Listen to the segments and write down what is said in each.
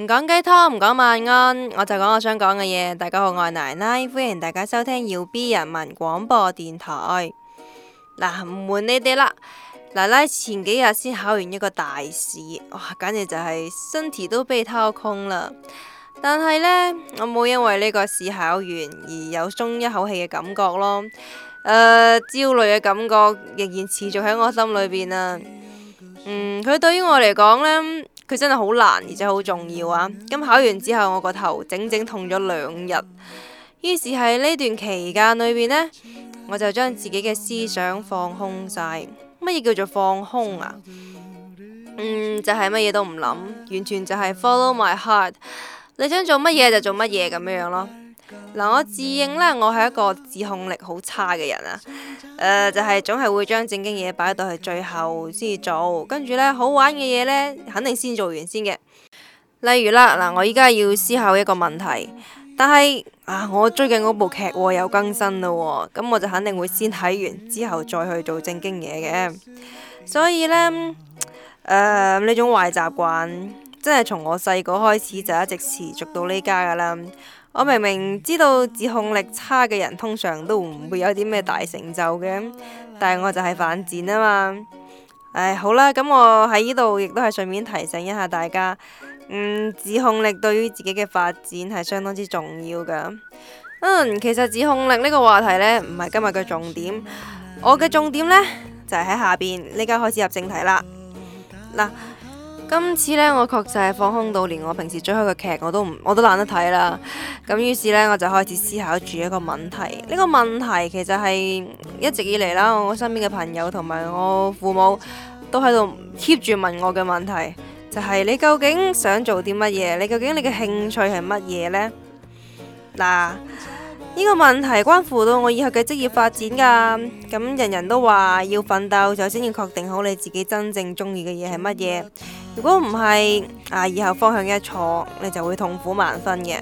唔講雞湯，唔講晚安，我就講我想講嘅嘢。大家好，我係奶奶，歡迎大家收聽耀 B 人民廣播電台。嗱、啊，唔瞞你哋啦，奶奶前幾日先考完一個大試，哇，簡直就係身體都被掏空啦。但係呢，我冇因為呢個試考完而有鬆一口氣嘅感覺咯。誒、呃，焦慮嘅感覺仍然持續喺我心裏邊啊。嗯，佢對於我嚟講呢。佢真係好難，而且好重要啊！咁、啊、考完之後，我個頭整整痛咗兩日。於是喺呢段期間裏邊呢，我就將自己嘅思想放空晒。乜嘢叫做放空啊？嗯，就係乜嘢都唔諗，完全就係 follow my heart。你想做乜嘢就做乜嘢咁樣樣咯。嗱、啊，我自認呢，我係一個自控力好差嘅人啊。誒、呃，就係、是、總係會將正經嘢擺到去最後先做，跟住呢，好玩嘅嘢呢，肯定先做完先嘅。例如啦，嗱，我依家要思考一個問題，但係啊，我最近嗰部劇、哦、有更新啦、哦，咁我就肯定會先睇完之後再去做正經嘢嘅。所以呢，誒、呃、呢種壞習慣，真係從我細個開始就一直持續到呢家噶啦我明明知道自控力差嘅人通常都唔會有啲咩大成就嘅，但係我就係犯賤啊嘛！唉，好啦，咁我喺呢度亦都係順便提醒一下大家，嗯，自控力對於自己嘅發展係相當之重要噶。嗯，其實自控力呢個話題呢唔係今日嘅重點，我嘅重點呢就係、是、喺下邊，呢家開始入正題啦，嗱。今次呢，我確實係放空到，連我平時追開嘅劇我都唔，我都懶得睇啦。咁於是呢，我就開始思考住一個問題。呢、這個問題其實係一直以嚟啦，我身邊嘅朋友同埋我父母都喺度 keep 住問我嘅問題，就係、是、你究竟想做啲乜嘢？你究竟你嘅興趣係乜嘢呢？嗱，呢、這個問題關乎到我以後嘅職業發展㗎。咁人人都話要奮鬥，就先要確定好你自己真正中意嘅嘢係乜嘢。如果唔係啊，以後方向一錯，你就會痛苦萬分嘅。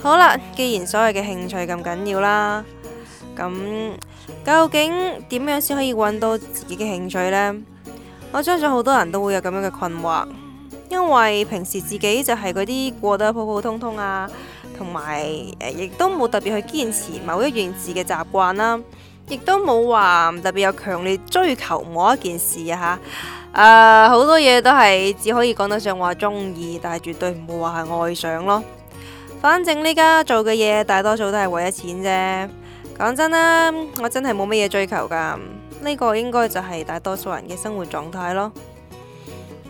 好啦，既然所謂嘅興趣咁緊要啦，咁究竟點樣先可以搵到自己嘅興趣呢？我相信好多人都會有咁樣嘅困惑，因為平時自己就係嗰啲過得普普通通啊，同埋誒，亦、呃、都冇特別去堅持某一件事嘅習慣啦，亦都冇話特別有強烈追求某一件事啊吓。誒，好、uh, 多嘢都係只可以講得上話中意，但係絕對唔會話係愛上咯。反正呢家做嘅嘢，大多數都係為咗錢啫。講真啦，我真係冇乜嘢追求噶，呢、這個應該就係大多數人嘅生活狀態咯。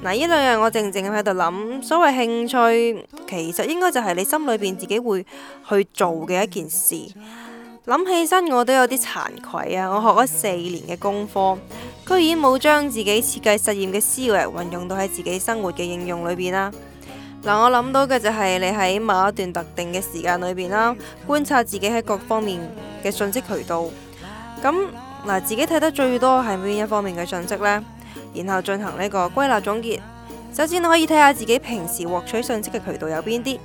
嗱、啊，呢兩日我靜靜咁喺度諗，所謂興趣，其實應該就係你心裏邊自己會去做嘅一件事。諗起身，我都有啲慚愧啊！我學咗四年嘅功課。居然冇將自己設計實驗嘅思維運用到喺自己生活嘅應用裏邊啦！嗱、呃，我諗到嘅就係你喺某一段特定嘅時間裏邊啦，觀察自己喺各方面嘅信息渠道，咁、呃、嗱、呃，自己睇得最多係邊一方面嘅信息呢？然後進行呢個歸納總結。首先可以睇下自己平時獲取信息嘅渠道有邊啲，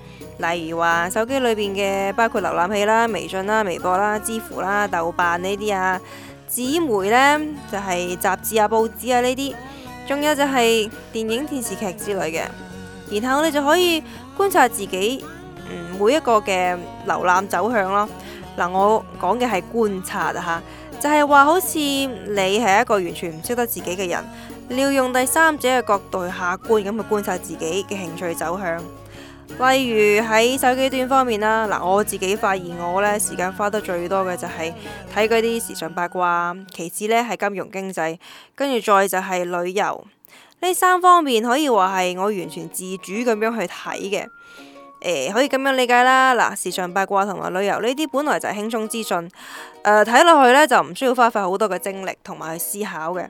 例如話手機裏邊嘅，包括瀏覽器啦、微信啦、微博啦、知乎啦、豆瓣呢啲啊。紙媒呢，就係雜誌啊、報紙啊呢啲，仲有就係電影、電視劇之類嘅。然後你就可以觀察自己每一個嘅瀏覽走向咯。嗱，我講嘅係觀察嚇，就係話好似你係一個完全唔識得自己嘅人，你要用第三者嘅角度下觀咁去觀察自己嘅興趣走向。例如喺手機端方面啦，嗱，我自己發現我呢時間花得最多嘅就係睇嗰啲時尚八卦，其次呢係金融經濟，跟住再就係旅遊。呢三方面可以話係我完全自主咁樣去睇嘅，呃，可以咁樣理解啦。嗱，時尚八卦同埋旅遊呢啲本來就係輕鬆資訊，睇，呃，落去呢就唔需要花費好多嘅精力同埋去思考嘅。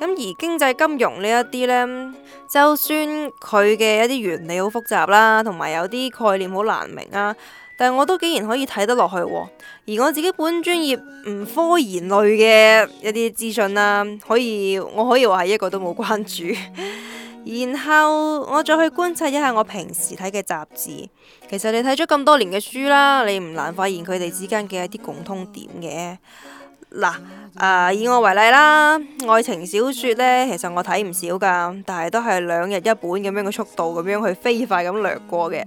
咁而經濟金融呢一啲呢，就算佢嘅一啲原理好複雜啦，同埋有啲概念好難明啊，但係我都竟然可以睇得落去。而我自己本專業唔科研類嘅一啲資訊啦，可以我可以話係一個都冇關注。 然後我再去觀察一下我平時睇嘅雜誌，其實你睇咗咁多年嘅書啦，你唔難發現佢哋之間嘅一啲共通點嘅。嗱、呃，以我為例啦，愛情小説呢，其實我睇唔少噶，但係都係兩日一本咁樣嘅速度，咁樣去飛快咁掠過嘅。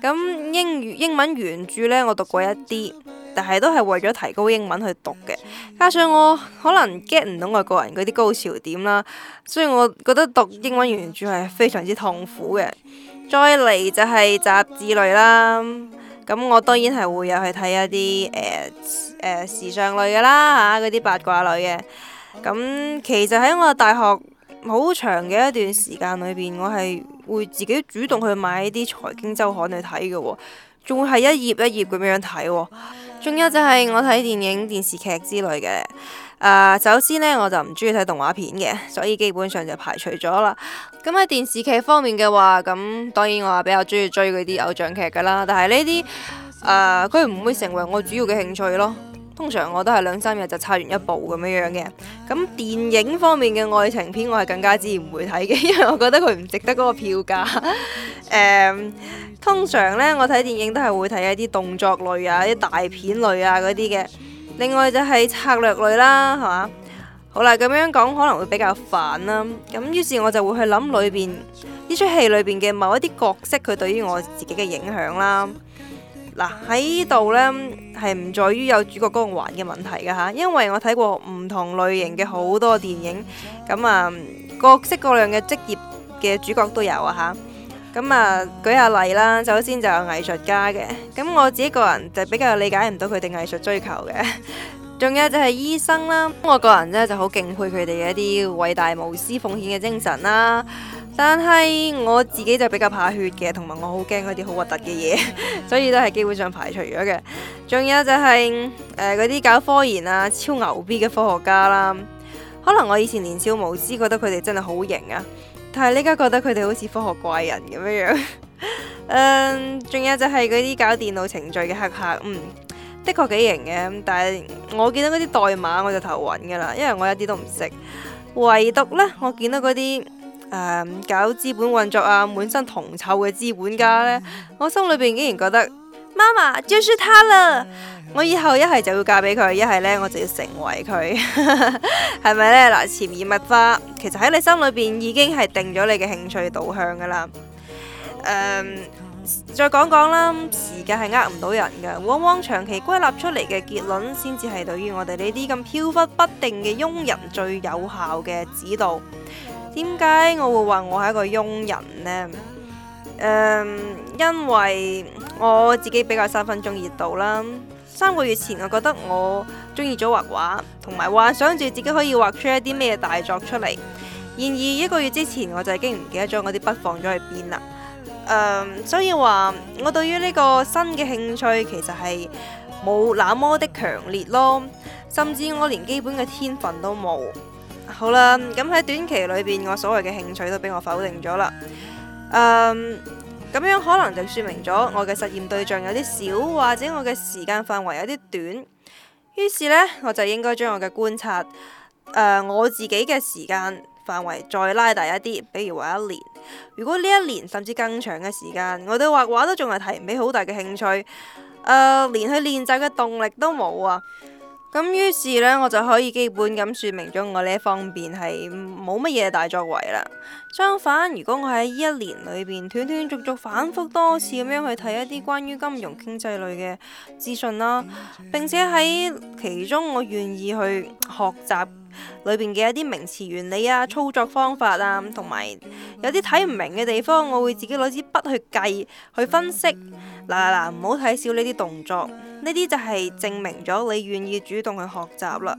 咁英語英文原著呢，我讀過一啲，但係都係為咗提高英文去讀嘅。加上我可能 get 唔到外國人嗰啲高潮點啦，所以我覺得讀英文原著係非常之痛苦嘅。再嚟就係雜誌類啦。咁我當然係會入去睇一啲誒誒時尚類嘅啦嚇，嗰、啊、啲八卦類嘅。咁、嗯、其實喺我大學好長嘅一段時間裏邊，我係會自己主動去買啲財經周刊去睇嘅喎，仲會係一頁一頁咁樣睇、哦。仲有就係我睇電影、電視劇之類嘅。啊、呃，首先呢，我就唔中意睇動畫片嘅，所以基本上就排除咗啦。咁喺電視劇方面嘅話，咁當然我係比較中意追嗰啲偶像劇噶啦，但係呢啲誒佢唔會成為我主要嘅興趣咯。通常我都係兩三日就睇完一部咁樣樣嘅。咁電影方面嘅愛情片我係更加之唔會睇嘅，因為我覺得佢唔值得嗰個票價。誒、嗯，通常呢，我睇電影都係會睇一啲動作類啊、一啲大片類啊嗰啲嘅。另外就係策略類啦，係嘛？好啦，咁樣講可能會比較煩啦、啊，咁於是我就會去諗裏邊呢出戲裏邊嘅某一啲角色佢對於我自己嘅影響啦。嗱喺呢度呢，係唔在於有主角光環嘅問題嘅吓、啊，因為我睇過唔同類型嘅好多電影，咁啊各式各樣嘅職業嘅主角都有啊吓。咁啊舉下例啦，首先就有藝術家嘅，咁我自己個人就比較理解唔到佢哋藝術追求嘅。仲有就係醫生啦，我個人呢就好敬佩佢哋嘅一啲偉大無私奉獻嘅精神啦。但係我自己就比較怕血嘅，同埋我好驚嗰啲好核突嘅嘢，所以都係基本上排除咗嘅。仲有就係誒嗰啲搞科研啊超牛逼嘅科學家啦。可能我以前年少無知覺得佢哋真係好型啊，但係呢家覺得佢哋好似科學怪人咁樣樣。誒，仲有就係嗰啲搞電腦程序嘅黑客，嗯。的確幾型嘅，但係我見到嗰啲代碼我就頭暈噶啦因為我一啲都唔識。唯獨呢，我見到嗰啲誒搞資本運作啊，滿身銅臭嘅資本家呢，我心裏邊竟然覺得，媽媽 就是他啦，我以後一係就要嫁俾佢，一係呢我就要成為佢，係 咪呢？嗱，潛移默化，其實喺你心裏邊已經係定咗你嘅興趣導向噶啦，嗯再講講啦，時間係呃唔到人㗎，往往長期歸納出嚟嘅結論，先至係對於我哋呢啲咁飄忽不定嘅庸人最有效嘅指導。點解我會話我係一個庸人呢？嗯，因為我自己比較三分鐘熱度啦。三個月前，我覺得我中意咗畫畫，同埋幻想住自己可以畫出一啲咩大作出嚟。然而一個月之前，我就已經唔記得咗我啲筆放咗去邊啦。誒，um, 所以話我對於呢個新嘅興趣其實係冇那麼的強烈咯，甚至我連基本嘅天分都冇。好啦，咁喺短期裏邊，我所謂嘅興趣都俾我否定咗啦。誒，咁樣可能就説明咗我嘅實驗對象有啲少，或者我嘅時間範圍有啲短。於是呢，我就應該將我嘅觀察，呃，我自己嘅時間範圍再拉大一啲，比如話一年。如果呢一年甚至更長嘅時間，我對畫畫都仲係提唔起好大嘅興趣，誒、呃，連去練習嘅動力都冇啊。咁於是呢，我就可以基本咁說明咗我呢一方面係冇乜嘢大作為啦。相反，如果我喺呢一年裏邊斷斷續續反復多次咁樣去睇一啲關於金融經濟類嘅資訊啦，並且喺其中我願意去學習。裏邊嘅一啲名詞原理啊、操作方法啊，同埋有啲睇唔明嘅地方，我會自己攞支筆去計、去分析。嗱嗱，唔好睇少呢啲動作，呢啲就係證明咗你願意主動去學習啦。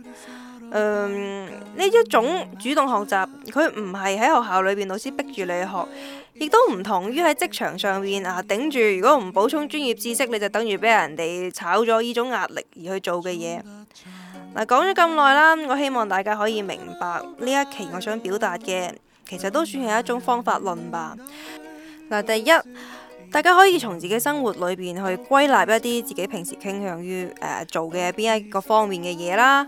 嗯，呢一種主動學習，佢唔係喺學校裏邊老師逼住你學，亦都唔同於喺職場上面啊頂住，如果唔補充專業知識，你就等於俾人哋炒咗呢種壓力而去做嘅嘢。嗱，講咗咁耐啦，我希望大家可以明白呢一期我想表達嘅，其實都算係一種方法論吧。嗱，第一，大家可以從自己生活裏邊去歸納一啲自己平時傾向於誒、呃、做嘅邊一個方面嘅嘢啦。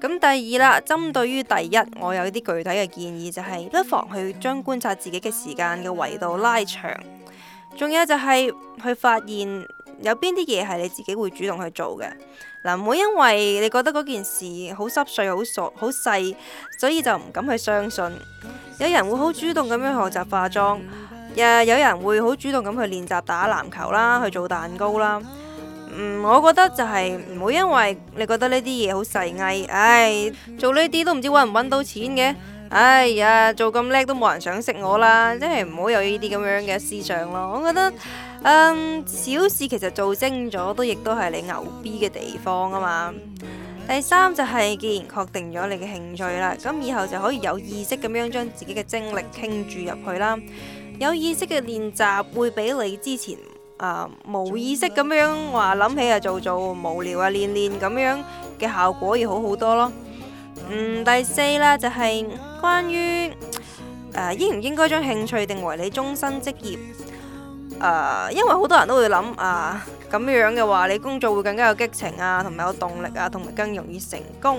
咁第二啦，針對於第一，我有啲具體嘅建議就係、是、不妨去將觀察自己嘅時間嘅維度拉長，仲有就係去發現。有邊啲嘢係你自己會主動去做嘅？嗱、啊，唔好因為你覺得嗰件事好濕碎、好傻、好細，所以就唔敢去相信。有人會好主動咁樣學習化妝，誒，有人會好主動咁去練習打籃球啦，去做蛋糕啦。嗯，我覺得就係唔好因為你覺得呢啲嘢好細藝，唉、哎，做呢啲都唔知揾唔揾到錢嘅。哎呀，做咁叻都冇人想識我啦！真係唔好有呢啲咁樣嘅思想咯。我覺得，嗯，小事其實做精咗都亦都係你牛逼嘅地方啊嘛。第三就係，既然確定咗你嘅興趣啦，咁以後就可以有意識咁樣將自己嘅精力傾注入去啦。有意識嘅練習會比你之前啊，嗯，無意識咁樣話諗起就做做無聊啊練練咁樣嘅效果要好好多咯。嗯、第四啦，就係、是、關於誒、呃、應唔應該將興趣定為你終身職業、呃、因為好多人都會諗啊，咁、呃、樣嘅話你工作會更加有激情啊，同埋有動力啊，同埋更容易成功。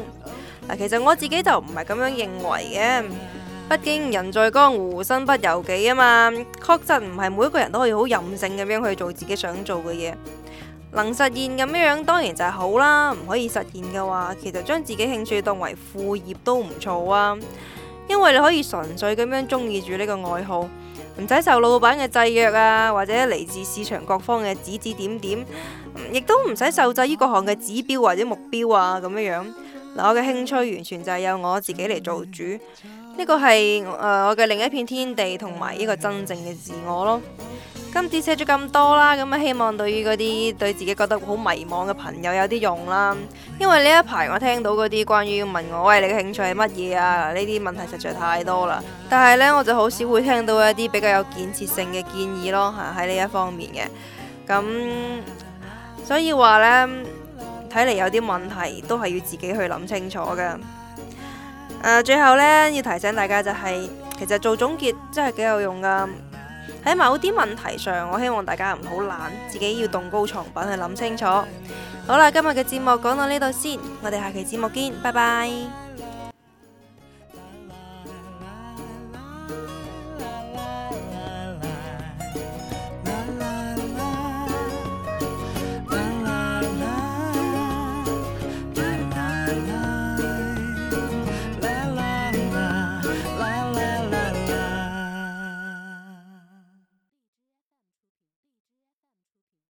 嗱、呃，其實我自己就唔係咁樣認為嘅，畢竟人在江湖身不由己啊嘛，確實唔係每一個人都可以好任性咁樣去做自己想做嘅嘢。能實現咁樣當然就係好啦，唔可以實現嘅話，其實將自己興趣當為副業都唔錯啊，因為你可以純粹咁樣中意住呢個愛好，唔使受老闆嘅制約啊，或者嚟自市場各方嘅指指點點，亦都唔使受制於各行嘅指標或者目標啊咁樣。嗱，我嘅興趣完全就係由我自己嚟做主，呢、呢個係誒、呃、我嘅另一片天地同埋呢個真正嘅自我咯。今次寫咗咁多啦，咁啊希望對於嗰啲對自己覺得好迷茫嘅朋友有啲用啦。因為呢一排我聽到嗰啲關於問我，喂，你嘅興趣係乜嘢啊？呢啲問題實在太多啦。但係呢，我就好少會聽到一啲比較有建設性嘅建議咯，喺呢一方面嘅。咁、嗯、所以話呢，睇嚟有啲問題都係要自己去諗清楚嘅、呃。最後呢，要提醒大家就係、是，其實做總結真係幾有用噶。喺某啲問題上，我希望大家唔好懶，自己要動高床品去諗清楚。好啦，今日嘅節目講到呢度先，我哋下期節目見，拜拜。